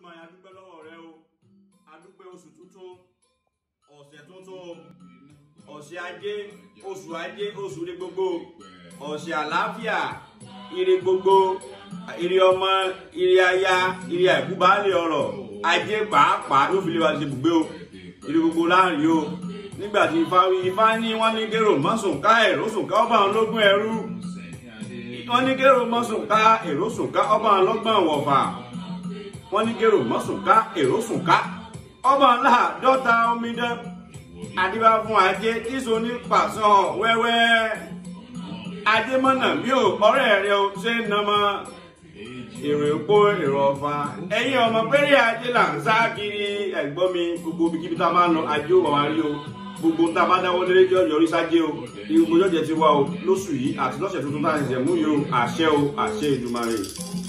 olódùmarè adúpẹ́ lọ́wọ́ rẹ o adúpẹ́ oṣù tuntun ọ̀sẹ̀ tuntun ọ̀sẹ̀ ajé oṣù ajé oṣù rẹ gbogbo ọ̀sẹ̀ àlàáfíà ire gbogbo ire ọmọ ire aya ire àìkúbálẹ̀ ọ̀rọ̀ ajé pàápàá ló fi lè wá ṣe bùgbé o ire gbogbo láàrin o nígbà tí ifá ifá ní wọn ní kérò mọ́sùnká ẹ̀rọ sùnká ọba àwọn ológun ẹrú wọn ní kérò mọ́sùnká ẹ̀rọ sùnká ọba àwọn ọlọ́gbọ̀n wọ̀fà wọ́n ní gèrò mọ́sùnká èrò sùnká ọmọ láàdọ́ta omidan àdìbá fún ajé tíso ní pàṣọ wẹ́wẹ́ adémọ́nà mi ò ọ̀rẹ́ rẹ o ṣe ń nàmọ́ èrò epo èrò ọ̀fà ẹ̀yin ọmọ péré ajé là ń sá kiri ẹ̀gbọ́n mi gbogbo ibikíbi tá a máa ń ajé ò wà rí o gbogbo tá a bá dáwọ́ lé lẹ́jọ́ yọrí sájé o ìgbòjọ́jẹ ti wá o lóṣù yìí àti lọ́sẹ̀ tuntun tá a ṣẹ̀ṣẹ̀ mú yìí o àṣẹ o àṣẹ Èdùmàrè.